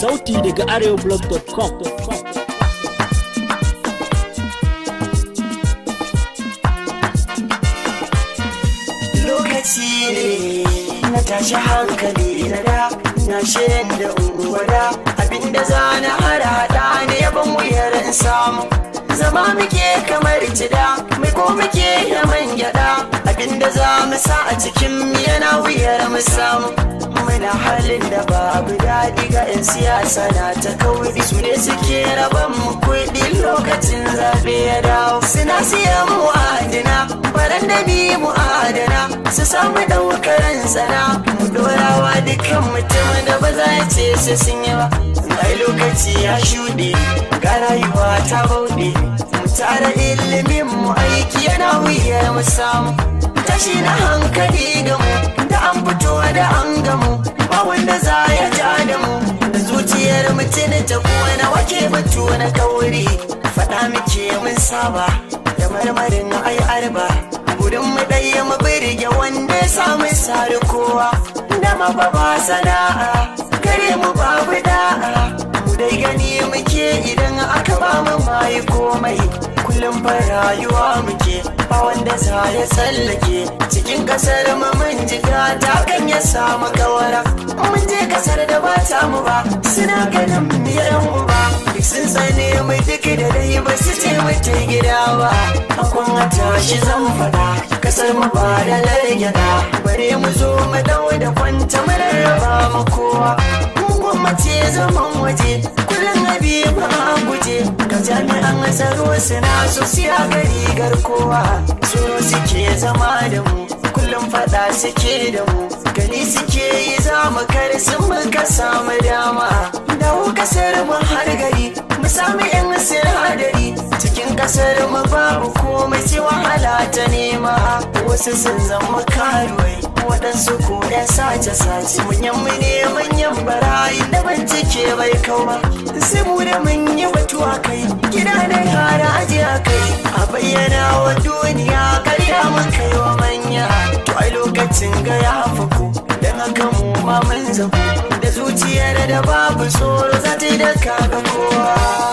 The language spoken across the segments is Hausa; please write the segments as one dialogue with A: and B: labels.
A: Sauti daga areoblog.com. Lokaci ne na tashi hankali na da, na shirin da unguwada abinda zana hada hada ne yabon wuyar in samu. Zama muke kamar cida, mai ko muke Inda za mu sa a cikin yana wuyar mu samu muna halin da babu daɗi ga 'yan siyasa na ta kauri su ne suke raban mu kuɗi lokacin zaɓe ya dawo suna siya mu adana faran da bi mu adana su samu ɗaukaran sana mu ɗorawa dukkan mutumin da ba za ya ce su sun yi ba mai lokaci ya shuɗe ga rayuwa ta bauɗe tara ilimin mu aiki yana wuyar mu samu tashi na hankali gamu, da an fito da an gamu ba wanda za ya ja da mu da zuciyar mutum ta kuwa na wake batu na kauri faɗa muke mun saba da marmarin ai arba gudun mu ɗaya mu birge wanda ya samu sari kowa da ma ba sana'a kare mu babu da'a mu dai gani muke idan aka yi komai kullum fa rayuwa muke ba wanda za ya tsallake cikin kasar mu mun ji ta kan ya samu kawara mun je kasar da ba ta mu ba suna ganin miyan ba duk sun sani mai duk da dai ba su ce ta gida ba akwai a tashi zan fada kasar mu ba da largyada bare mu zo mu dawo da kwanta mu rarraba mu kowa mun kuma ce zaman waje kullum abi ba guje ga jami'an tsaro suna su siya gari garkowa su suke zama da mu kullum fada suke da mu gani suke yi za mu kare sun muka samu dama dawo kasar mu har gari mu sami yan asir hadari cikin kasar mu babu komai sai wahala ta nema wasu sun zama karuwai waɗansu ko ɗan sace-sace manyan mu ne manyan barayi da bincike bai kau ba saboda mun yi batuwa kai gida da yara ajiya kai a bayyana wa duniya karya mun kai wa manya to ai lokacin ga ya faku don haka mu ma mun zaku da zuciyar da babu tsoro za ta yi da kowa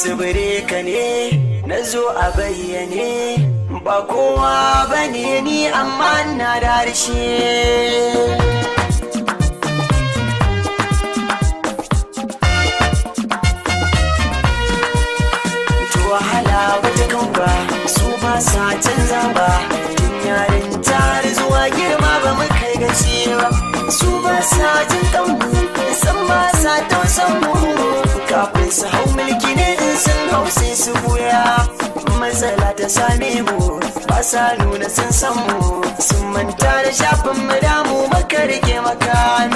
A: tsibire ka ne na zo a bayyane ba kowa ba ne ni amma na da harshe wahala su ba sa canza ba tun yarin tare zuwa girma ba muka su buya matsala ta same mu ba sa nuna sun mu sun manta da shafin mu damu maka rike maka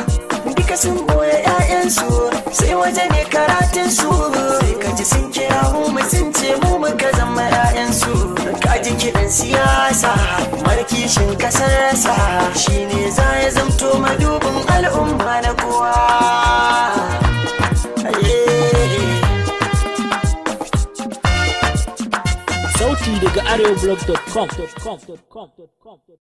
A: duka sun goya 'ya'yansu sai waje ne karatunsu sai ka ji sun kira mu mu ce mu muka zama 'ya'yansu ka ji kiɗan siyasa markishin kasarsa shine za ya zamto madubin al'umma daga arewblog.com